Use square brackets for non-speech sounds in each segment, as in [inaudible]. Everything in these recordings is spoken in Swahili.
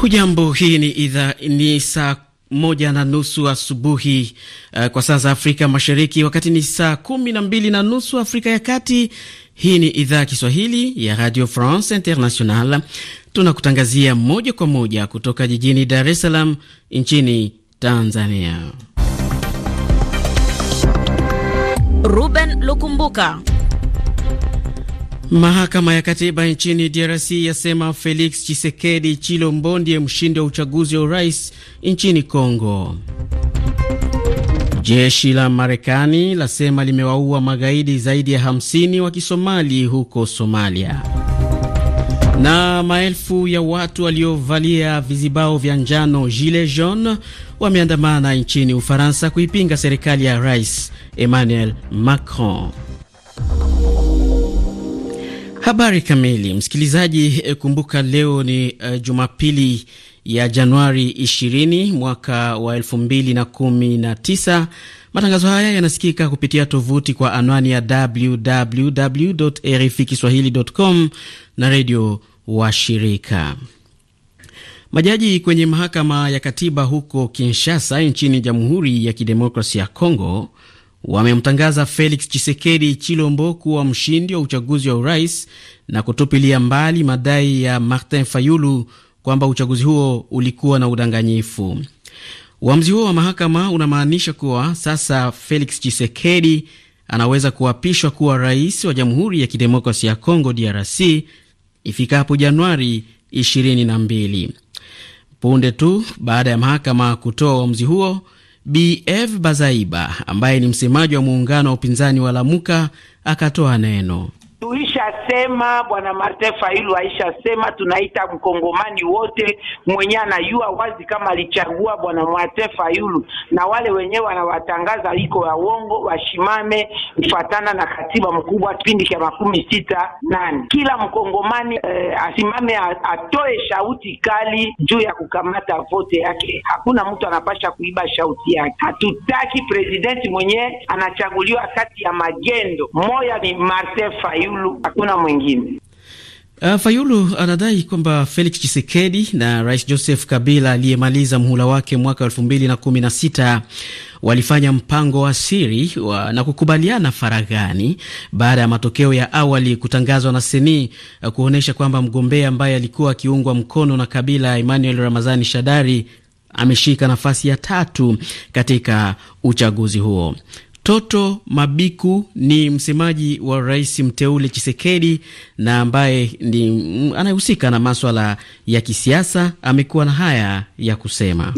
Hujambo, hii ni idha, ni saa moja na nusu asubuhi uh, kwa saa za Afrika Mashariki, wakati ni saa kumi na mbili na nusu Afrika ya Kati. Hii ni idhaa ya Kiswahili ya Radio France International, tunakutangazia moja kwa moja kutoka jijini Dar es Salaam nchini Tanzania. Ruben Lukumbuka Mahakama ya katiba nchini DRC yasema Felix Chisekedi Chilombo ndiye mshindi wa uchaguzi wa urais nchini congo Jeshi la Marekani lasema limewaua magaidi zaidi ya 50 wa Kisomali huko Somalia. Na maelfu ya watu waliovalia vizibao vya njano gilet jaune wameandamana nchini Ufaransa kuipinga serikali ya Rais Emmanuel Macron. Habari kamili, msikilizaji. Eh, kumbuka leo ni uh, Jumapili ya Januari 20 mwaka wa 2019. Matangazo haya yanasikika kupitia tovuti kwa anwani ya www RFI kiswahilicom na redio wa shirika. Majaji kwenye mahakama ya katiba huko Kinshasa nchini Jamhuri ya Kidemokrasi ya congo wamemtangaza Felix Chisekedi Chilombo kuwa mshindi wa uchaguzi wa urais na kutupilia mbali madai ya Martin Fayulu kwamba uchaguzi huo ulikuwa na udanganyifu. Uamuzi huo wa mahakama unamaanisha kuwa sasa Felix Chisekedi anaweza kuapishwa kuwa rais wa Jamhuri ya Kidemokrasia ya Kongo, DRC, ifikapo Januari 22. Punde tu baada ya mahakama kutoa uamuzi huo bf Bazaiba ambaye ni msemaji wa muungano wa upinzani wa Lamuka akatoa neno. Tuishasema bwana Martin Fayulu aishasema, tunaita mkongomani wote mwenye anajua wazi kama alichagua bwana Martin Fayulu na wale wenyewe wanawatangaza iko ya uongo, washimame kufatana na katiba mkubwa kipindi cha makumi sita nane. Kila mkongomani eh, asimame atoe shauti kali juu ya kukamata vote yake. Hakuna mtu anapasha kuiba shauti yake. Hatutaki presidenti mwenye anachaguliwa kati ya magendo moya, ni Martin Fayulu Fayulu, hakuna mwingine. Uh, Fayulu anadai kwamba Felix chisekedi na Rais Joseph Kabila aliyemaliza mhula wake mwaka 2016 walifanya mpango wa siri wa, na kukubaliana faraghani baada ya matokeo ya awali kutangazwa na Seni uh, kuonyesha kwamba mgombea ambaye alikuwa akiungwa mkono na Kabila Emmanuel Ramazani Shadari ameshika nafasi ya tatu katika uchaguzi huo. Toto Mabiku ni msemaji wa rais mteule Chisekedi na ambaye ni anayehusika na maswala ya kisiasa. Amekuwa na haya ya kusema: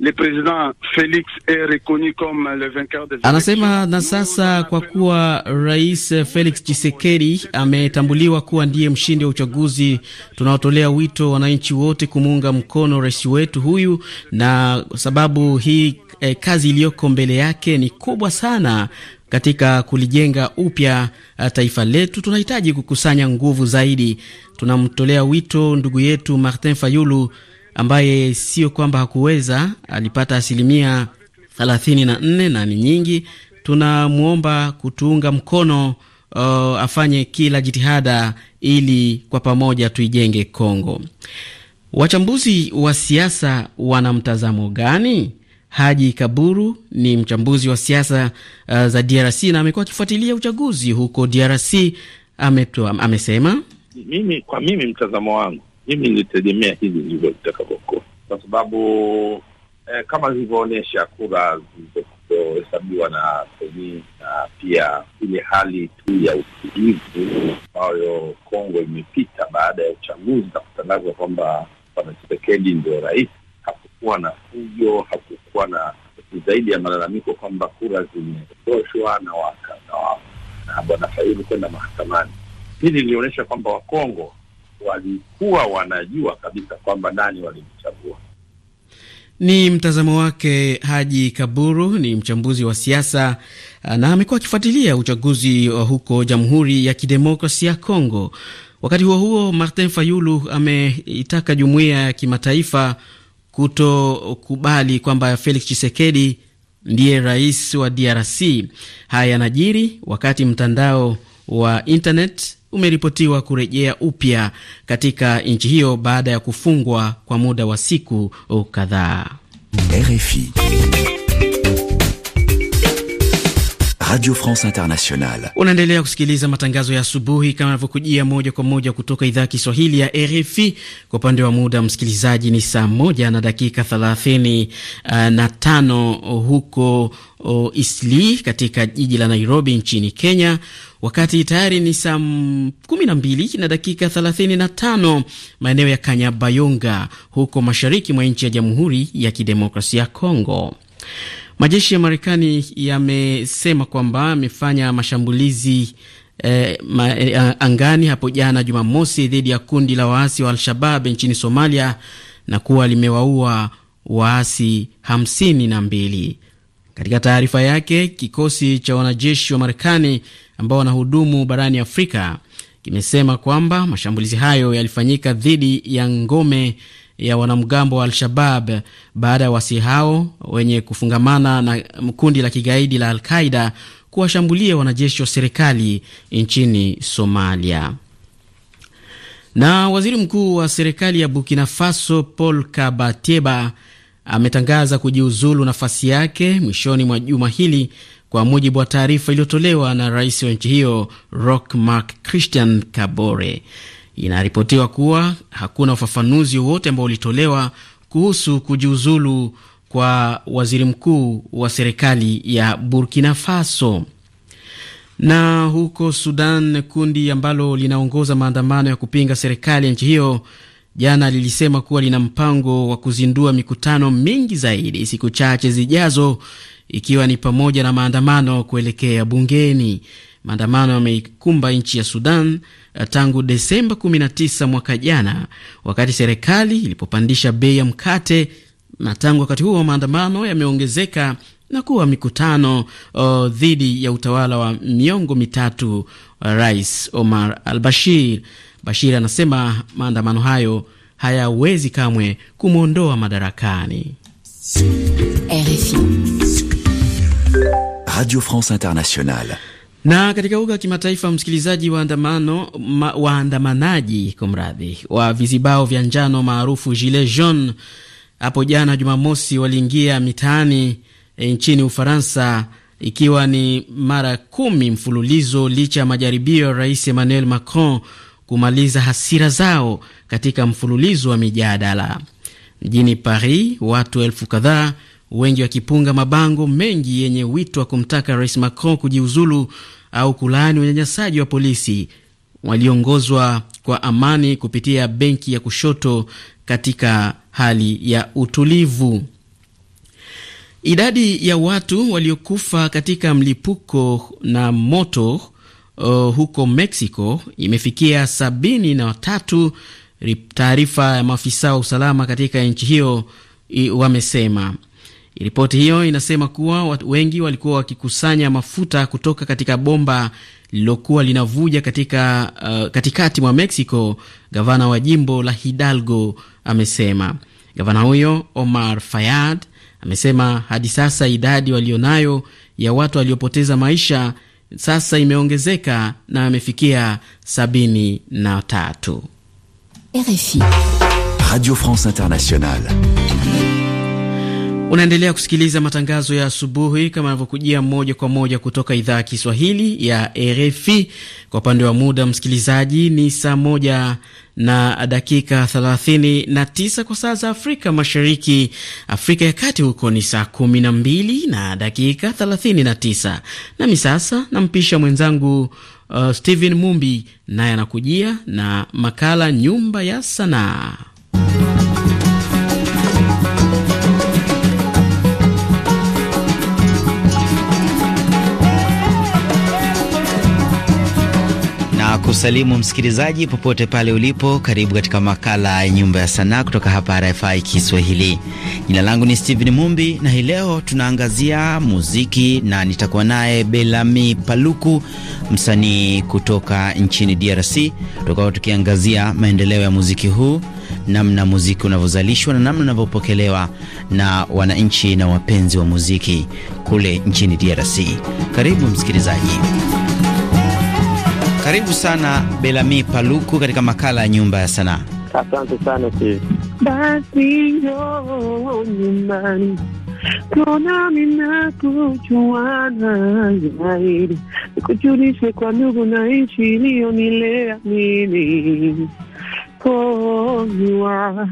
le president Felix est reconnu comme le vainqueur des anasema. Na sasa kwa kuwa rais Felix Tshisekedi ametambuliwa kuwa ndiye mshindi wa uchaguzi, tunaotolea wito wananchi wote kumuunga mkono rais wetu huyu, na sababu hii eh, kazi iliyoko mbele yake ni kubwa sana katika kulijenga upya eh, taifa letu, tunahitaji kukusanya nguvu zaidi. Tunamtolea wito ndugu yetu Martin Fayulu ambaye sio kwamba hakuweza, alipata asilimia 34 na ni nyingi. Tunamwomba kutuunga mkono uh, afanye kila jitihada ili kwa pamoja tuijenge Kongo. Wachambuzi wa siasa wana mtazamo gani? Haji Kaburu ni mchambuzi wa siasa uh, za DRC na amekuwa akifuatilia uchaguzi huko DRC. amesema mimi, kwa mimi mtazamo wangu mimi nilitegemea hizi ndivyo zitakavyokuwa, kwa sababu eh, kama zilivyoonyesha kura zilizohesabiwa na seni na pia ile hali tu ya utulivu ambayo Kongo imepita baada ya uchaguzi na kutangazwa kwamba Bwana ndio rais. Hakukuwa na fujo, hakukuwa na zaidi ya malalamiko kwamba kura zimetoshwa na waka na, bwana fairu kwenda mahakamani. Hili lilionyesha kwamba Wakongo walikuwa wanajua kabisa kwamba nani walimchagua. Ni mtazamo wake Haji Kaburu, ni mchambuzi wa siasa ah, na amekuwa akifuatilia uchaguzi wa huko Jamhuri ya Kidemokrasia ya Kongo. Wakati huo huo, Martin Fayulu ameitaka jumuiya ya kimataifa kutokubali kwamba Felix Tshisekedi ndiye rais wa DRC. Haya yanajiri wakati mtandao wa internet umeripotiwa kurejea upya katika nchi hiyo baada ya kufungwa kwa muda wa siku kadhaa. RFI Radio France Internationale. Unaendelea kusikiliza matangazo ya asubuhi kama yanavyokujia moja kwa moja kutoka idhaa ya Kiswahili ya RFI. Kwa upande wa muda, msikilizaji, ni saa moja na dakika thelathini uh, na tano huko uh, Isli katika jiji la Nairobi nchini Kenya, wakati tayari ni saa kumi na mbili na dakika thelathini na tano maeneo ya Kanyabayonga huko mashariki mwa nchi ya Jamhuri ya Kidemokrasia ya Kongo. Majeshi ya Marekani yamesema kwamba amefanya mashambulizi eh, ma, eh, angani hapo jana Jumamosi dhidi ya kundi la waasi wa Al-Shabab nchini Somalia na kuwa limewaua waasi hamsini na mbili. Katika taarifa yake, kikosi cha wanajeshi wa Marekani ambao wanahudumu barani Afrika kimesema kwamba mashambulizi hayo yalifanyika dhidi ya ngome ya wanamgambo wa Al-Shabab baada ya wasi hao wenye kufungamana na kundi la kigaidi la Al-Qaida kuwashambulia wanajeshi wa serikali nchini Somalia. Na waziri mkuu wa serikali ya Burkina Faso Paul Kabateba ametangaza kujiuzulu nafasi yake mwishoni mwa juma hili kwa mujibu wa taarifa iliyotolewa na rais wa nchi hiyo Roch Marc Christian Kabore. Inaripotiwa kuwa hakuna ufafanuzi wowote ambao ulitolewa kuhusu kujiuzulu kwa waziri mkuu wa serikali ya Burkina Faso. Na huko Sudan, kundi ambalo linaongoza maandamano ya kupinga serikali ya nchi hiyo jana lilisema kuwa lina mpango wa kuzindua mikutano mingi zaidi siku chache zijazo, ikiwa ni pamoja na maandamano kuelekea bungeni. Maandamano yameikumba nchi ya Sudan eh, tangu Desemba 19 mwaka jana, wakati serikali ilipopandisha bei ya mkate, na tangu wakati huo maandamano yameongezeka na kuwa mikutano oh, dhidi ya utawala wa miongo mitatu eh, Rais Omar al Bashir. Bashir anasema maandamano hayo hayawezi kamwe kumwondoa madarakani. RFI Radio France Internationale na katika uga wa kimataifa, msikilizaji, waandamano ma, waandamanaji kumradhi, wa vizibao vya njano maarufu gilet jaune hapo jana Jumamosi waliingia mitaani e, nchini Ufaransa ikiwa ni mara kumi mfululizo licha ya majaribio ya Rais Emmanuel Macron kumaliza hasira zao katika mfululizo wa mijadala. Mjini Paris watu elfu kadhaa wengi wakipunga mabango mengi yenye wito wa kumtaka Rais Macron kujiuzulu au kulaani unyanyasaji wa polisi waliongozwa kwa amani kupitia benki ya kushoto katika hali ya utulivu. Idadi ya watu waliokufa katika mlipuko na moto uh, huko Mexico imefikia sabini na watatu. Taarifa ya maafisa wa usalama katika nchi hiyo wamesema Ripoti hiyo inasema kuwa wengi walikuwa wakikusanya mafuta kutoka katika bomba lililokuwa linavuja katika, uh, katikati mwa Mexico. Gavana wa jimbo la Hidalgo amesema. Gavana huyo Omar Fayad amesema hadi sasa idadi walionayo ya watu waliopoteza maisha sasa imeongezeka na amefikia sabini na tatu. RFI Radio France Internationale Unaendelea kusikiliza matangazo ya asubuhi kama yanavyokujia moja kwa moja kutoka idhaa ya Kiswahili ya RFI. Kwa upande wa muda, msikilizaji, ni saa moja na dakika 39 kwa saa za Afrika Mashariki. Afrika ya Kati huko ni saa 12 na dakika 39. Nami sasa nampisha mwenzangu uh, Steven Mumbi, naye anakujia na makala Nyumba ya Sanaa. kusalimu msikilizaji popote pale ulipo. Karibu katika makala ya Nyumba ya Sanaa kutoka hapa RFI Kiswahili. Jina langu ni Steven Mumbi na hii leo tunaangazia muziki na nitakuwa naye Belami Paluku, msanii kutoka nchini DRC, tutakuwa tukiangazia maendeleo ya muziki huu, namna muziki unavyozalishwa na namna unavyopokelewa na wananchi na wapenzi wa muziki kule nchini DRC. Karibu msikilizaji. Karibu sana Belami Paluku katika makala ya Nyumba ya Sanaa. Asante sana Steve. Basi yo nyumbani tona ninakuchuana zaidi, nikujulishe kwa ndugu na nchi iliyonilea mimi. Haya,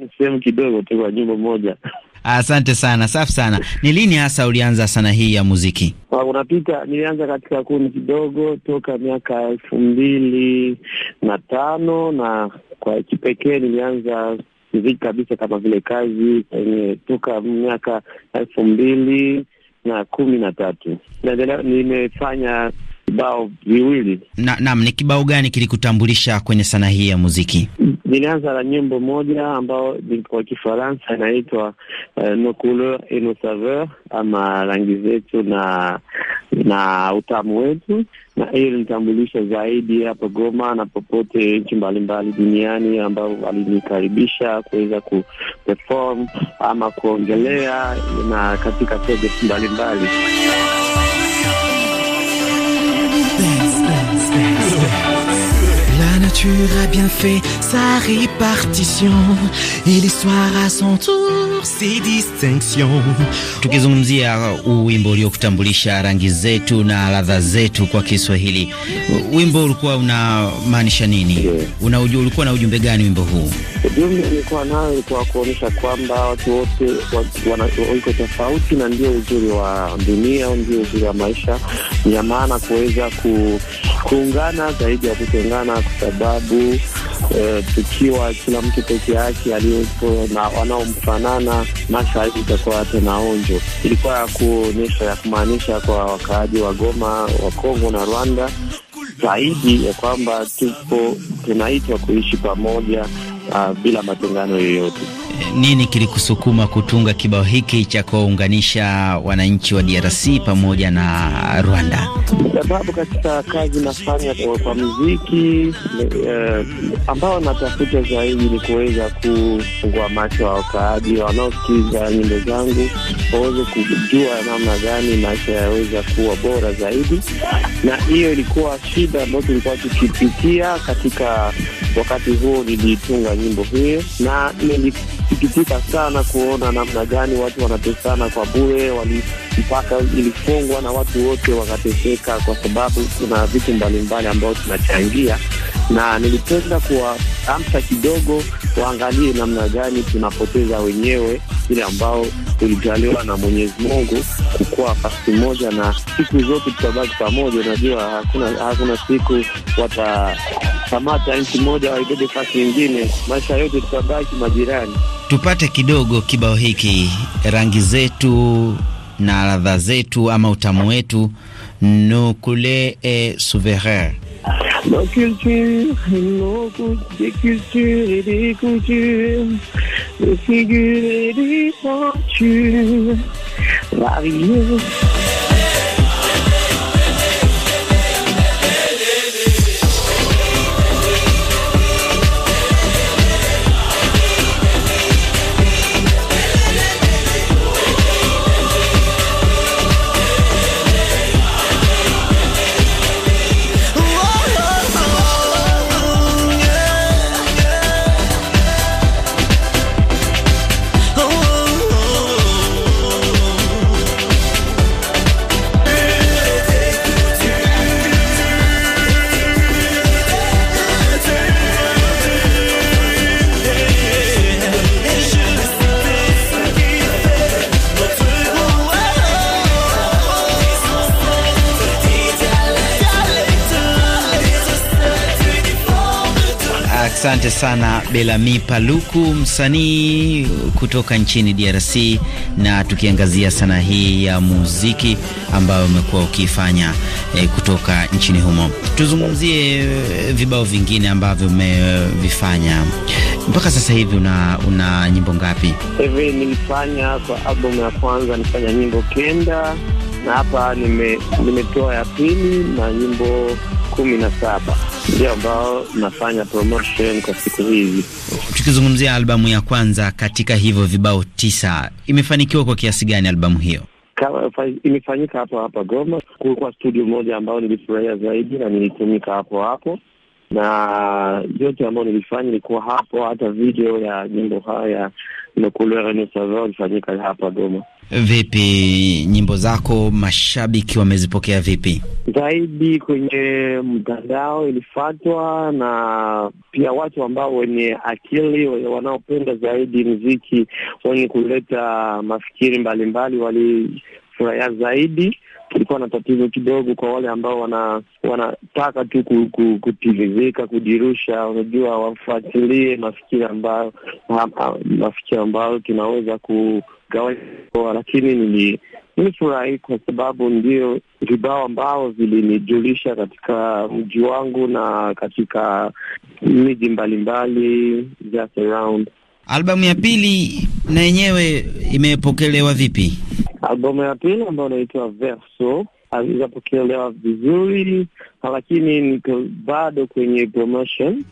ni sehemu kidogo tu kwa nyumba moja Asante sana, safi sana. Ni lini hasa ulianza sanaa hii ya muziki? Ah, unapita, nilianza katika kundi kidogo toka miaka elfu mbili na tano na kwa kipekee nilianza muziki kabisa kama vile kazi enye toka miaka elfu mbili na kumi na tatu. Naendelea, nimefanya vibao viwili. Naam, ni kibao gani kilikutambulisha kwenye sanaa hii ya muziki? Nilianza na nyimbo moja ambayo kwa Kifaransa inaitwa uh, Nos couleurs et nos saveurs, ama rangi zetu na na utamu wetu, na hiyo ilinitambulisha zaidi hapo Goma na popote nchi mbalimbali duniani, ambao walinikaribisha kuweza ku perform ama kuongelea na katika mbalimbali nature a bien fait sa répartition et l'histoire à son tour ses distinctions. Tukizungumzia wimbo uliokutambulisha rangi zetu na ladha zetu kwa Kiswahili, wimbo ulikuwa unamaanisha nini? Yeah. Una ulikuwa na ujumbe gani wimbo huu? Ujumbe nilikuwa nayo ilikuwa kuonyesha kwamba watu wote wiko tofauti, na ndio uzuri wa dunia, ndio uzuri wa maisha, ya maana kuweza ku, kuungana zaidi ya kutengana kwa sababu e, tukiwa kila mtu peke yake aliyepo na wanaomfanana, mashahidi itakuwa hata na onjo. Ilikuwa ya kuonyesha ya kumaanisha kwa wakaaji wa Goma wa Kongo na Rwanda zaidi ya kwamba tupo tunaitwa kuishi pamoja uh, bila matengano yoyote nini kilikusukuma kutunga kibao hiki cha kuwaunganisha wananchi wa DRC pamoja na Rwanda? Sababu katika kazi nafanya kwa muziki eh, ambao natafuta zaidi ni kuweza kufungua macho ya wakaaji wanaosikiza nyimbo zangu waweze kujua namna gani maisha yaweza kuwa bora zaidi, na hiyo ilikuwa shida ambayo tulikuwa tukipitia katika wakati huo. Nilitunga nyimbo hiyo na nasikitika sana kuona namna gani watu wanatesana kwa bure, walipaka ilifungwa na watu wote wakateseka, kwa sababu kuna vitu mbalimbali ambayo tunachangia, na nilipenda kuwaamsha kidogo, waangalie namna gani tunapoteza wenyewe ile ambao tulijaliwa na Mwenyezi Mungu kukuwa moja, na siku zote tutabaki pamoja. Unajua hakuna, hakuna siku wata Kamata nchi moja waibebe fasi nyingine, maisha yote tutabaki majirani. Tupate kidogo kibao hiki, rangi zetu na ladha zetu ama utamu wetu, nukule e eh, souverain Asante sana Belami Paluku, msanii uh, kutoka nchini DRC, na tukiangazia sanaa hii ya muziki ambayo umekuwa ukiifanya eh, kutoka nchini humo. Tuzungumzie eh, vibao vingine ambavyo umevifanya mpaka sasa hivi. Una, una nyimbo ngapi hivi? Nilifanya kwa albumu ya kwanza nifanya nyimbo kenda na hapa nimetoa nime ya pili na nyimbo kumi na saba ndio ambao nafanya promotion kwa siku hizi. Tukizungumzia albamu ya kwanza katika hivyo vibao tisa, imefanikiwa kwa kiasi gani albamu hiyo? Imefanyika hapo hapa Goma, kulikuwa studio moja ambayo nilifurahia zaidi na nilitumika hapo hapo, na yote ambayo nilifanya ilikuwa hapo. Hata video ya nyimbo haya Le Couleur et Nos Saveurs ilifanyika hapa Goma. Vipi nyimbo zako mashabiki wamezipokea vipi? Zaidi kwenye mtandao ilifatwa na pia watu ambao wenye akili wanaopenda zaidi mziki wenye kuleta mafikiri mbalimbali walifurahia zaidi. Kulikuwa na tatizo kidogo kwa wale ambao wana wanataka tu ku, ku, kutimizika kujirusha, unajua wafuatilie mafikiri ambayo mafikiri ambayo tunaweza ku gawaa, lakini nili nimefurahi kwa sababu ndio vibao ambao vilinijulisha katika mji wangu na katika miji mbalimbali just around. Albamu ya pili na yenyewe imepokelewa vipi? Albamu ya pili ambayo inaitwa Verso hazijapokelewa vizuri, lakini niko bado kwenye promotion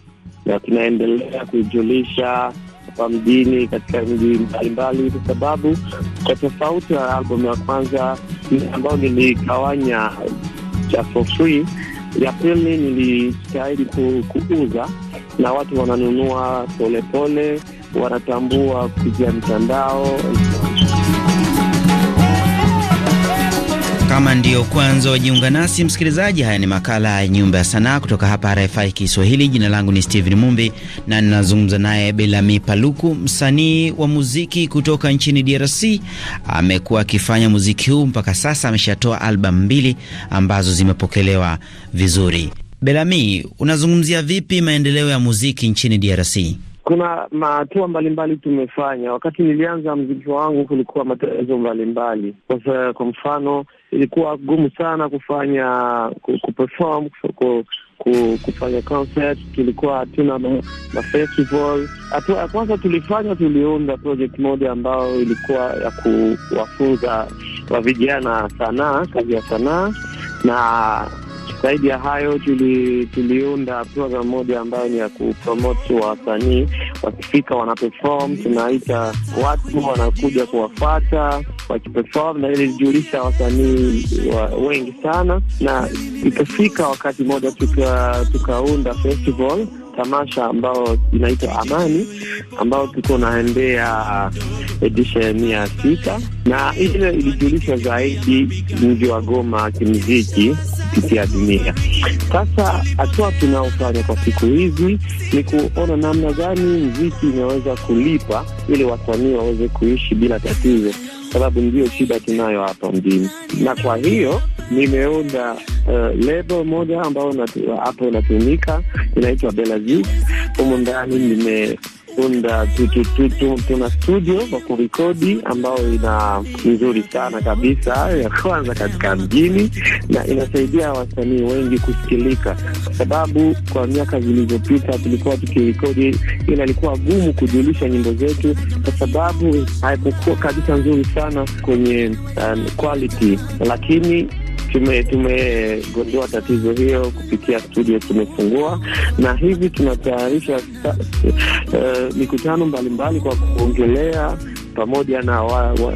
na tunaendelea kujulisha hapa mjini, katika mji mbalimbali, kwa sababu kwa tofauti na albamu ya kwanza ambayo niligawanya cha for free, ya pili nilistahili ku, kuuza na watu wananunua polepole, wanatambua kupitia mtandao. Kama ndiyo kwanza wajiunga nasi msikilizaji, haya ni makala ya Nyumba ya Sanaa kutoka hapa RFI Kiswahili. Jina langu ni Steven Mumbi na ninazungumza naye Belami Paluku, msanii wa muziki kutoka nchini DRC. Amekuwa akifanya muziki huu mpaka sasa, ameshatoa albamu mbili ambazo zimepokelewa vizuri. Belami, unazungumzia vipi maendeleo ya muziki nchini DRC? Kuna hatua mbalimbali tumefanya. Wakati nilianza mziki wangu, kulikuwa matatizo mbalimbali. Kwa, kwa mfano, ilikuwa gumu sana kufanya kuperform, kufanya concert, tulikuwa hatuna mafestival. Hatua ya kwanza tulifanya, tuliunda project moja ambayo ilikuwa ya kuwafunza wa vijana sanaa, kazi ya sanaa na zaidi ya hayo, tuli, tuliunda program moja ambayo ni ya kupromote wasanii. Wakifika wanaperform, tunaita watu wanakuja kuwafata wakiperform, na ilijulisha wasanii wa, wengi sana, na ikafika wakati moja tukaunda tuka festival tamasha ambao inaitwa Amani ambao tuko naendea edition ya sita, na ile ilijulisha zaidi mji wa Goma kimuziki kupitia dunia. Sasa hatua tunaofanya kwa siku hizi ni kuona namna gani mziki inaweza kulipa ili wasanii waweze kuishi bila tatizo, sababu ndiyo shida tunayo hapa mjini, na kwa hiyo nimeunda uh, lebo moja ambayo hapo inatumika inaitwa Bela View. Humu ndani nime tunda tuna studio wa kurekodi ambayo ina nzuri sana kabisa, ya kwanza katika mjini, na inasaidia wasanii wengi kusikilika, kwa sababu kwa miaka zilizopita tulikuwa tukirekodi, ila ilikuwa gumu kujulisha nyimbo zetu, kwa sababu haikukuwa kabisa nzuri sana kwenye um, quality, lakini tumegundua tatizo hiyo kupitia studio tumefungua, na hivi tunatayarisha uh, mikutano mbalimbali kwa kuongelea pamoja na wa, wa,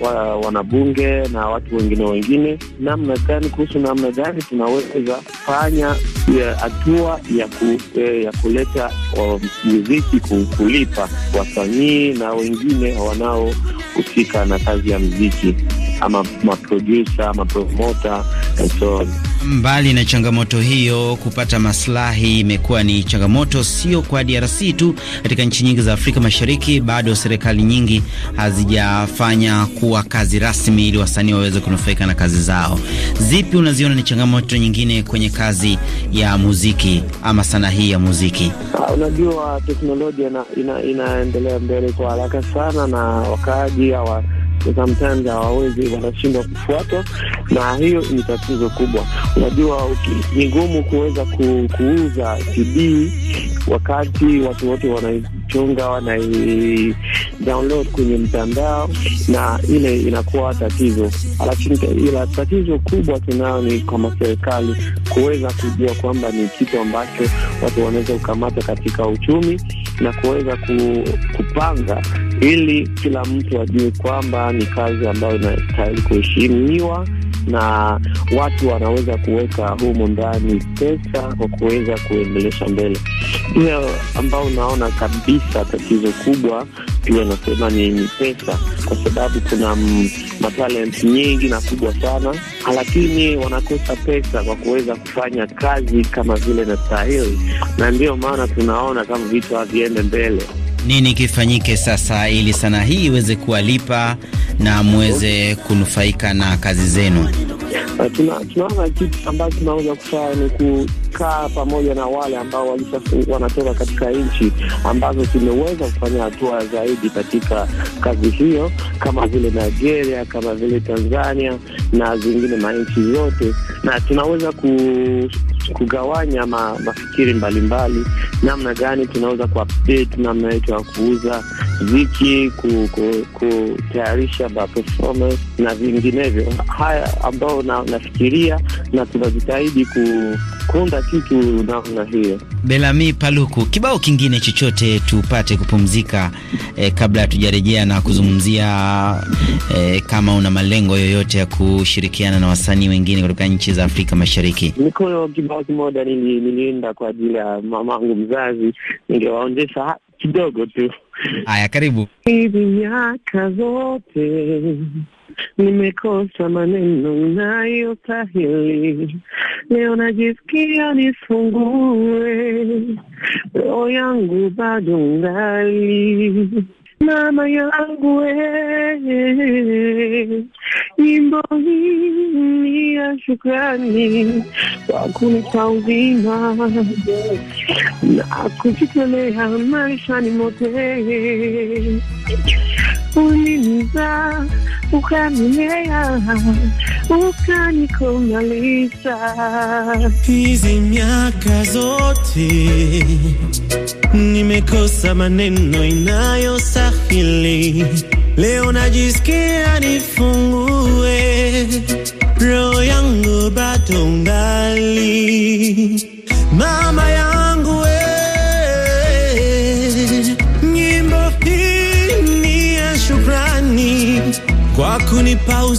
wa, wanabunge na watu wengine wengine, namna gani kuhusu namna gani tunaweza fanya hatua ya, ku, eh, ya kuleta eh, muziki kulipa wasanii na wengine wanaohusika na kazi ya muziki ama maprodusa mapromota and so on. Mbali na changamoto hiyo, kupata maslahi imekuwa ni changamoto sio kwa DRC tu. Katika nchi nyingi za Afrika Mashariki bado serikali nyingi hazijafanya kuwa kazi rasmi ili wasanii waweze kunufaika na kazi zao. Zipi unaziona ni changamoto nyingine kwenye kazi ya muziki ama sanaa hii ya muziki? Ah, unajua, teknolojia ina, ina, inaendelea mbele kwa haraka sana na wakaaji hawa sometimes hawawezi, wanashindwa kufuata, na hiyo ni tatizo kubwa. Unajua ni ngumu kuweza ku, kuuza CD wakati watu wote wanaichonga wanai kwenye mtandao, na ile inakuwa tatizo. Ila tatizo kubwa tunayo ni kama serikali kuweza kujua kwamba ni kitu ambacho watu wanaweza kukamata katika uchumi na kuweza ku, kupanga ili kila mtu ajue kwamba ni kazi ambayo inastahili kuheshimiwa na watu wanaweza kuweka humu ndani pesa kwa kuweza kuendelesha mbele. Pia ambao unaona kabisa tatizo kubwa, pia nasema ni, ni pesa, kwa sababu kuna matalent nyingi na kubwa sana, lakini wanakosa pesa kwa kuweza kufanya kazi kama vile stahili, na ndiyo maana tunaona kama vitu haviende mbele nini kifanyike sasa ili sanaa hii iweze kuwalipa na muweze kunufaika na kazi zenu? Ah, tunaona kitu ambacho tunaweza kufanya ni kukaa pamoja na wale ambao wanatoka katika nchi ambazo zimeweza kufanya hatua zaidi katika kazi hiyo, kama vile Nigeria, kama vile Tanzania na zingine manchi zote, na tunaweza ku kugawanya ma, mafikiri mbalimbali, namna gani tunaweza ku namna yetu ya kuuza ziki, kutayarisha ku, ku, performance na vinginevyo, haya ambayo na, nafikiria na tunajitahidi ku kuunda kitu namna hiyo. Belami Paluku, kibao kingine chochote tupate kupumzika eh, kabla hatujarejea na kuzungumzia eh, kama una malengo yoyote ya kushirikiana na wasanii wengine kutoka nchi za Afrika Mashariki. Niko kibao kimoja nilienda kwa ajili ya mamangu mzazi, ningewaonjesha kidogo tu. Haya, karibu hivi miaka zote nimekosa maneno nayostahili leo, najisikia nifungue roho yangu, bado ngali mama yangu ee, nyimbo hii ya shukrani kwa kunipa uzima na kujitolea maishani mote ulinizaa ukanilea ukanikomaliza. Hizi miaka zote nimekosa maneno inayostahili. Leo najisikia nifungue roho yangu, bado ungali mama yangu we.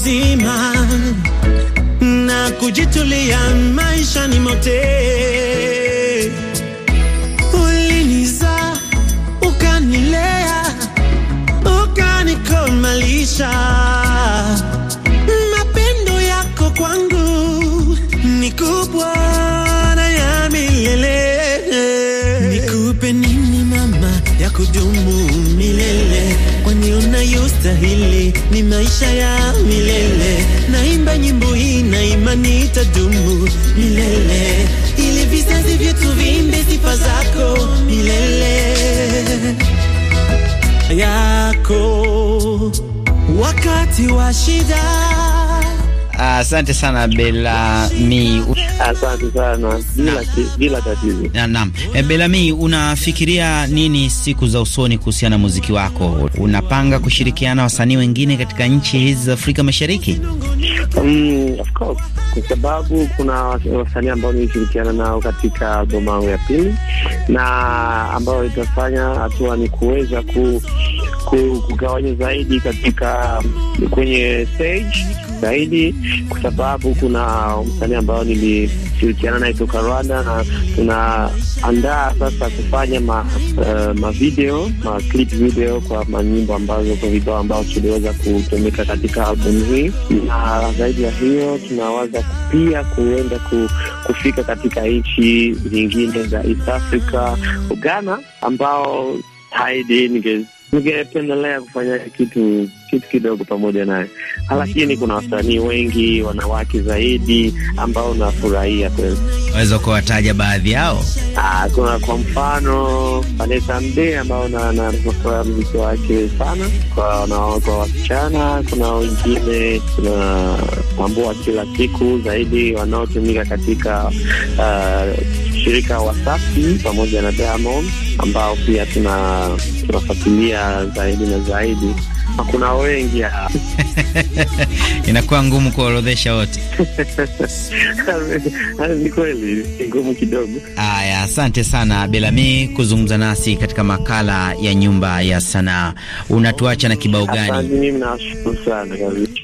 mzima na kujitulia ni mote. Uliniza, ukanilea, ukanikomalisha stahili ni maisha ya milele. Naimba nyimbo hii na imani itadumu milele, ili vizazi vyetu vimbe sifa zako milele yako wakati wa shida Asante uh, sana Belami. Asante sana bila bila tatizo. Naam, e, Belami, unafikiria nini siku za usoni kuhusiana na muziki wako? Unapanga kushirikiana wasanii wengine katika nchi hizi za Afrika Mashariki? Um, of course, kwa sababu kuna wasanii ambao nilishirikiana nao katika albamu yangu ya pili na ambayo itafanya hatua ni kuweza ku, ku, kugawanya zaidi katika kwenye stage zaidi, kwa sababu kuna msanii ambao nilishirikiana naye toka Rwanda na tunaandaa sasa kufanya ma, uh, ma video ma clip video kwa manyimbo ambazo kwa vibao ambao tuliweza kutumika katika albumu hii, na zaidi ya hiyo tunawaza pia kuenda ku, kufika katika nchi zingine za East Africa, Ghana ambao Heidi, ningependelea kufanya kitu kitu kidogo pamoja naye, lakini kuna wasanii wengi wanawake zaidi ambao nafurahia kweli. Unaweza kuwataja baadhi yao? Ah, kuna kwa mfano Vanessa Mdee ambao nafurahia mziki wake sana kwa wa wasichana. Kuna wengine kuna mambo wa kila siku zaidi wanaotumika katika uh, shirika Wasafi pamoja na Diamond ambao pia tuna tunafuatilia zaidi na zaidi. Kuna wengi [laughs] inakuwa ngumu kuorodhesha wote. [laughs] Ni kweli ngumu kidogo. Aya, asante sana Belami kuzungumza nasi katika makala ya nyumba ya sanaa. Unatuacha na kibao gani? Mimi sana kabisa.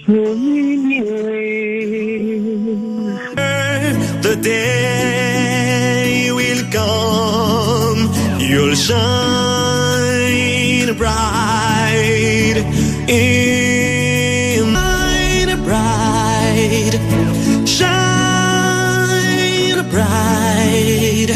come. You'll shine bright in shine bright, shine bright.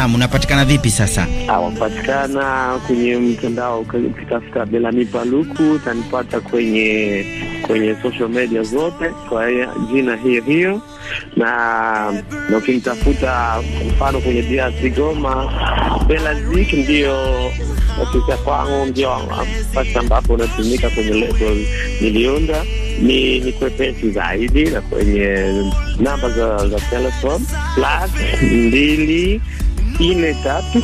Naam, unapatikana vipi sasa? Ah, unapatikana kwenye mtandao ukitafuta Belamipa Luku utanipata kwenye kwenye social media zote kwa jina hiyo hiyo, na na ukimtafuta mfano kwenye DRC Goma, Belazik ndio ofisa kwangu, ndio nafasi ambapo unatumika kwenye lebo niliunda ni ni kwepesi zaidi, na kwenye namba za za telephone plus mbili ine tatu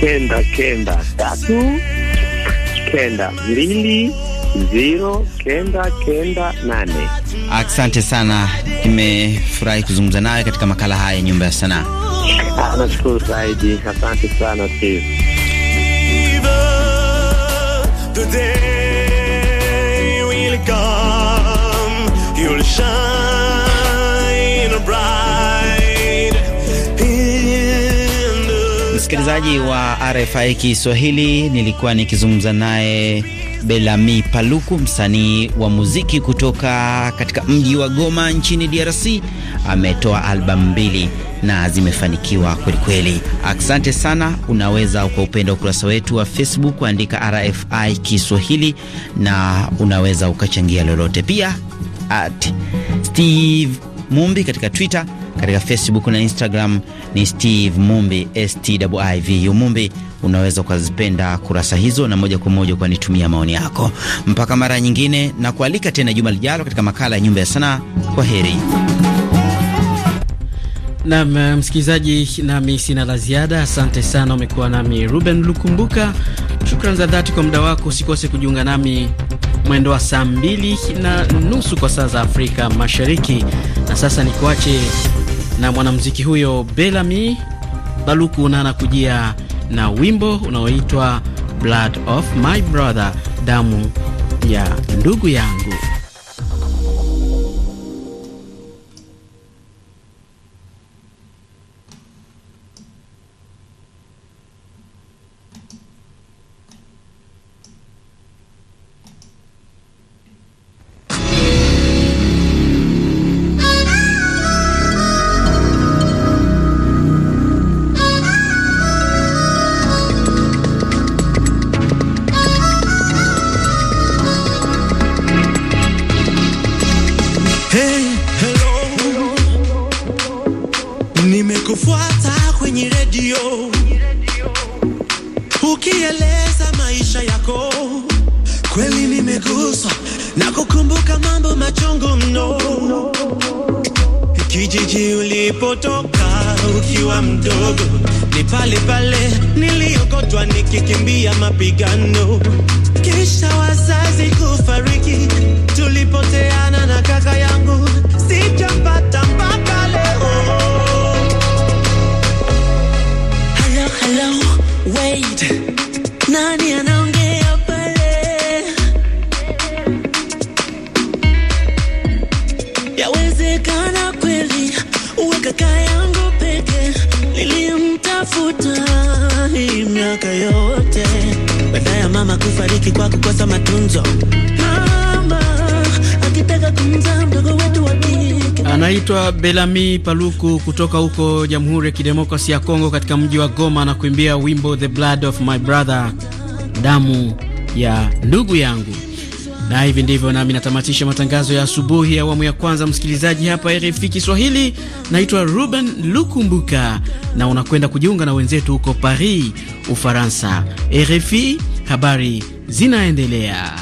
kenda kenda tatu kenda mbili zero kenda kenda nane. Asante sana, nimefurahi kuzungumza nawe katika makala haya ya nyumba ya sanaa. Ah, nashukuru zaidi, asante sana Steve. The day will come, you'll shine. msikilizaji wa RFI Kiswahili, nilikuwa nikizungumza naye Belami Paluku, msanii wa muziki kutoka katika mji wa Goma nchini DRC. Ametoa albamu mbili na zimefanikiwa kwelikweli. Asante sana. Unaweza kwa upenda ukurasa wetu wa Facebook kuandika RFI Kiswahili na unaweza ukachangia lolote pia, at Steve Mumbi katika Twitter katika Facebook na Instagram ni Steve Mumbi stiv Mumbi. Unaweza ukazipenda kurasa hizo na moja kwa moja ukanitumia maoni yako. Mpaka mara nyingine, na kualika tena juma lijalo katika makala ya Nyumba ya Sanaa. Kwa heri. Nam msikilizaji, nami sina la ziada. Asante sana, umekuwa nami Ruben Lukumbuka. Shukran za dhati kwa muda wako. Usikose kujiunga nami mwendo wa saa mbili na nusu kwa saa za Afrika Mashariki. Na sasa nikuache na mwanamuziki huyo Belami Baluku na anakujia na wimbo unaoitwa Blood of My Brother, damu ya ndugu yangu. tukikimbia mapigano, kisha wazazi kufariki, tulipoteana na kaka yangu, sijapata mpaka leo. Hello, hello, wait, nani anaongea pale? Yawezekana kweli uwe kaka yangu peke, nilimtafuta imani miaka yote baada ya mama kufariki kwa kukosa matunzo. Mama akitaka kumzaa mdogo wetu wa kike anaitwa Belami Paluku kutoka huko Jamhuri ya Kidemokrasi ya Kongo, katika mji wa Goma na kuimbia wimbo The Blood of My Brother, damu ya ndugu yangu. Na hivi ndivyo nami natamatisha matangazo ya asubuhi ya awamu ya kwanza, msikilizaji, hapa RFI Kiswahili. Naitwa Ruben Lukumbuka na unakwenda kujiunga na wenzetu huko Paris, Ufaransa. RFI, habari zinaendelea.